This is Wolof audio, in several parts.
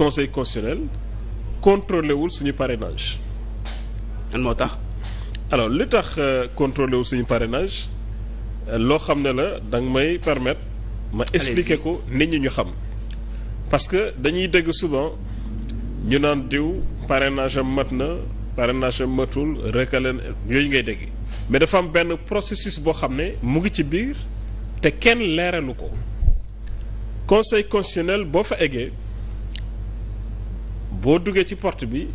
conseil constitutionnel contrôlé wul suñu parrainage. moo tax. alors li tax euh, contrôlé wul suñu parrainage euh, loo xam ne la da nga may permettre. ma expliquer ko nit ñi ñu xam. parce que dañuy dégg souvent ñu naan diw parenage am mat na parrainage am matul recalé yooyu ngay dégg mais dafa am benn processus boo xam ne mu ngi ci biir te kenn leeralu ko conseil constitutionnel boo fa eggee. boo duggee ci porte bi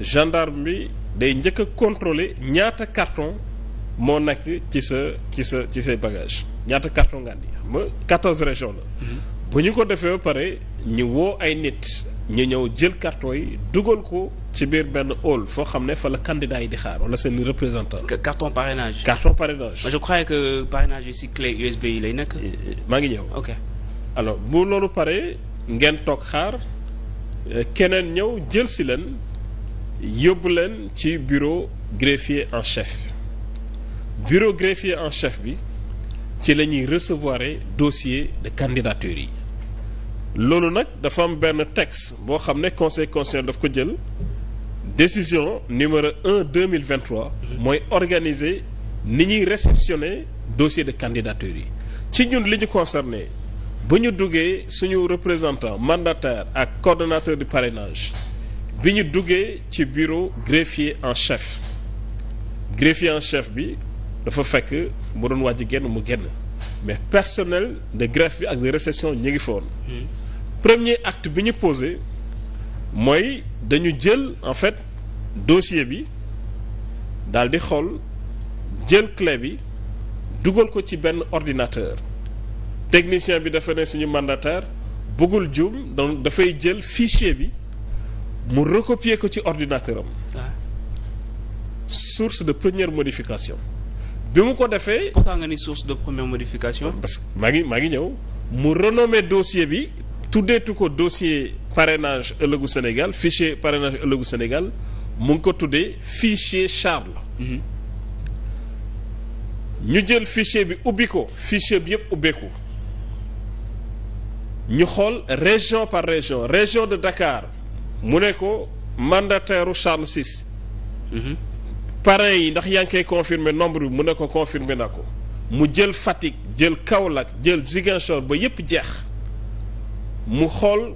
gendarme bi day njëkk a ñaata carton moo nekk ci sa ci sa ci say bagage ñaata carton nga andi ma nga quatorze régions la mhm. bu ñu ko defee ba pare ñu woo ay nit ñu ñëw jël carton yi dugal ko ci biir benn hall foo xam ne fa la candidat yi di xaar wala seen représentant carton parrainage carton parrainage je croyais que parrainage yi si clé USB lay nekk maa ngi ñëw ok alors bu loolu pare ngeen toog xaar keneen ñëw jël si leen yóbbu leen ci bureau greffier en chef bureau greffier en chef bi ci la ñuy recevoir dossier de candidature yi loolu nag dafa am benn texte boo xam ne conseil constitutionnel daf ko jël décision numéro un deux mille vingt mooy organiser ni ñuy réceptionner dosier de candidature yi ci ñun liñu ñu ba ñu duggee suñu représentant mandataire ak coordonnateur du parrainage bi ñu duggee ci bureau greffier en chef greffier en chef bi dafa fekk mu doon wàjji génn mu génn mais personnel de greffe bi ak de réception ñu ngi foon hmm. premier acte bi ñu posé mooy dañu jël en fait dossier bi daal di xool jël clé bi dugal ko ci benn ordinateur technicien bi dafa ne suñu mandataire bëggul juum donc dafay jël fichier bi mu recopier ko ci ordinateur am source de première modification bi mu ko defee. pourquoi nga ni source de première modification. parce que maa ngi maa ngi ñëw mu renommer dossier bi tuddeetu ko dossier parenage ëllëgu Sénégal fichier parrainage ëllëgu Sénégal mu ngi ko tuddee fichier Charles. Mhm. ñu jël fichier bi ubbi ko fichier bi yëpp ubbeeku. ñu xool région par région région de Dakar mu ne ko mandataire Charles VI mhm. parrain yi ndax yaa ngi koy confirmer nombre bi mu ne ko confirmer na ko mu jël Fatick jël Kaolack jël Ziguinchor ba yépp jeex mu xool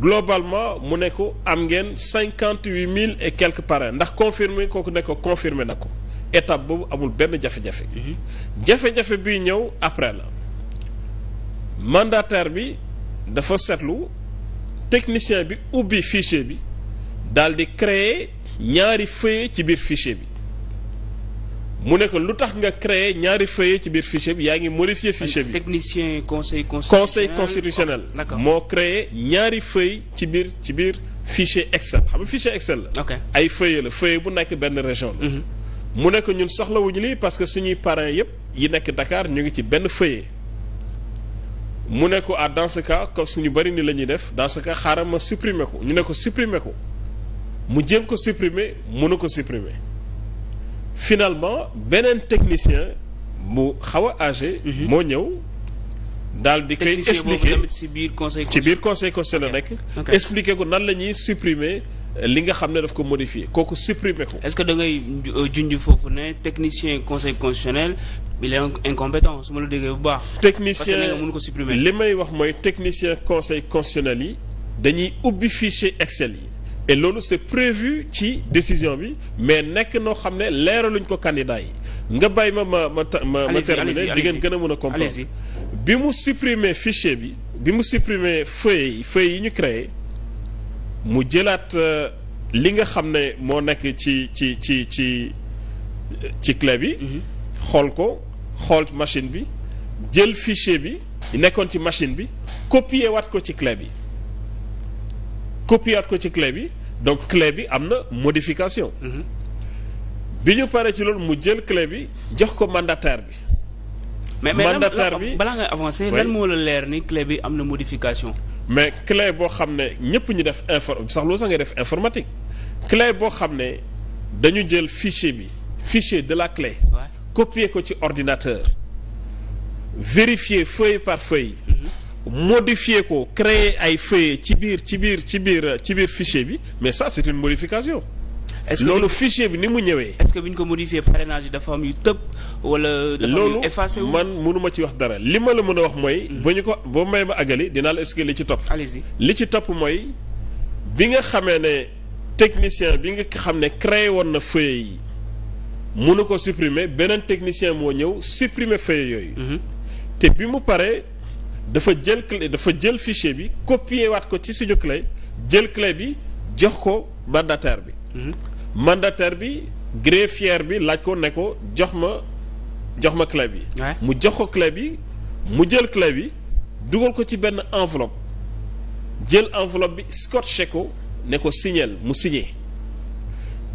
globalement mu ne ko am ngeen cinquante huit mille et quelques parrains ndax confirmer kooku ne ko confirmer na ko étape boobu amul benn jafe-jafe mhm. jafe-jafe bii ñëw après la mandataire bi dafa seetlu technicien bi ubbi fichier bi daal di créer ñaari feuillet ci biir fichier bi mu ne ko lu tax nga créer ñaari feuillet ci biir fichier bi yaa ngi modifier fichier bi technicien conseil constitutionnel conseil constitutionnel oh, moo créer ñaari feuille ci biir ci biir fichier Excel xam nga fichier Excel la ay feuille la feuille bu nekk benn région la mm-hmm. mu ne ko ñun soxlawuñu lii parce que suñuy parents yëpp yi nekk Dakar ñu ngi ci benn feuillet mu ne ko ah dans ce cas suñu bëri nii la ñuy def dans ce xaaral ma supprimer ko ñu ne ko supprimer ko mu jéem ko supprimer mënu ko supprimer finalement beneen technicien bu xaw a âgé. Mhm. moo ñëw daal di koy. expliquer ci biir conseil ci biir conseil constitutionnel la nekk. expliquer ko nan la ñuy supprimer. li nga xam ne daf ko modifier kooku supprimer ko. est-ce que da ngay euh, junj foofu ne technicien conseil constitutionnel il est incompétent su ma la déggee bu baax. technicien parce que nga mën li may wax mooy technicien conseil constitutionnel yi dañuy ubbi fichier Excel yi. et loolu c'est prévu ci décision bi mais nekk noo xam ne leeraluñ ko candidat yi nga bàyyi ma ma ma ma terminer di ngeen gën a mën a comprendre bi mu supprimer fichier bi bi mu supprimer feuille feuille yi ñu créer mu jëlaat euh, li nga xam ne moo nekk ci ci ci ci ci clé bi. Mhm. xool ko xool machine bi jël fichier bi nekkoon ci machine bi copier wat ko ci clé bi copier waat ko ci clé bi donc clé bi am na modification. Mhm. bi ñu paree ci loolu mu jël clé bi jox ko mandataire bi. mais mais mandataire bi balaa ngay avancer lan moo la leer ni clé bi am na modification. mais clé boo xam ne ñëpp ñu def infor sax loolu sax def informatique clé boo xam ne dañu jël fichier bi fichier de la clé. Ouais. copier ko ci ordinateur. vérifier feuille par feuille. Mhm. modifier ko créer ay feuilles ci biir ci biir ci biir ci biir fichier bi mais ça c'est une modification. est loolu fichier bi ni mu ñëwee. est-ce que bi ñu ko modifié parrainage yi dafa am yu tëb wala. dafa man mënuma ci wax dara li ma la mën a wax mooy. Mm. ba ñu ko ba may ma àggali dinaa la expliquer li ci topp. li ci topp mooy bi nga xamee ne technicien bi nga xam ne créé woon na feuille yi mënu ko supprimer beneen technicien moo ñëw supprimer feuille yooyu. Mm-hmm. te bi mu paree dafa jël clé dafa jël fichier bi copier waat ko ci suñu clé jël clé bi jox ko mandataire bi. Mm-hmm. mandataire bi greffier bi laaj ko ne ko jox ma jox ma clé bi mu jox ko clé bi mu jël clé bi dugal ko ci benn enveloppe jël enveloppe bi scotché ko ne ko signel mu signé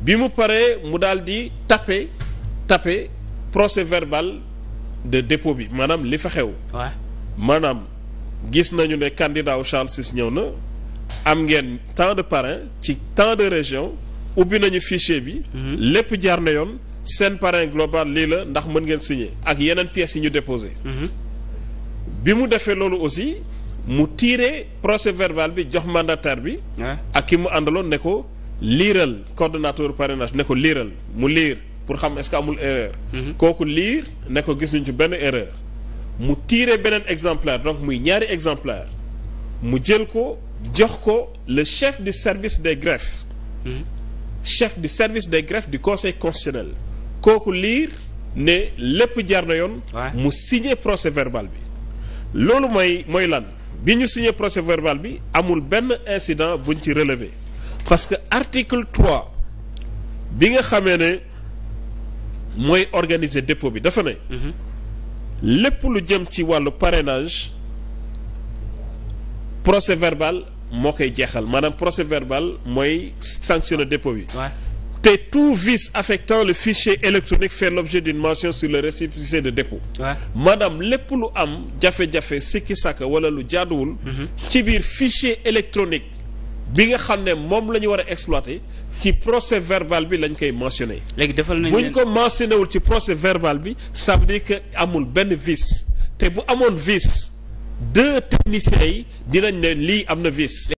bi mu paree mu daal di tapé tapé proce verbal de dépôt bi maanaam li fa xew maanaam gis nañu ne candidat wu Charles Ciss ñëw na am ngeen tant de parrain ci tant de région ubbi nañu fichier bi. Mhm. lépp jaar na yoon seen parrain global lii la ndax mën ngeen signer ak yeneen pièces yi ñu déposé. Mhm. bi mu defee loolu aussi mu tiire procès verbal bi jox mandataire bi. ak ki mu àndaloon ne ko liiral coordonnateur parrainage ne ko liiral mu liir pour xam est-ce que mhm. kooku liir ne ko gis nañ ci benn erreur. mu tiire beneen exemplaire donc muy ñaari exemplaire mu jël ko jox ko le chef du service des greffes. chef du service des greffes du conseil constitutionnel kooku liir ne lépp jar na yoon. mu signer procès verbal bi. loolu mooy mooy lan bi ñu signer procès verbal bi amul benn incident buñ ci relever parce que article trois bi nga xamee ne mooy organiser dépôt bi dafa ne. Mhm. lépp lu jëm ci wàllu parrainage procès verbal. moo koy jeexal maanaam procès verbal mooy sanctionner dépôt bi. te tout vice affectant le fichier électronique fait l'objet d'une mention sur le récépissé de dépôt ouais. maanaam lépp lu am jafe-jafe sikki sàkk wala lu jaaduwul mhm. ci biir fichier électronique bi nga xam ne moom la ñu war a exploiter ci procès verbal bi lañ koy mentionné léegi defal nañ buñ ko mentionné wul ci procès verbal bi ça veut que amul benn vice te bu amoon vis deux techniciens yi dinañ ne lii am na vis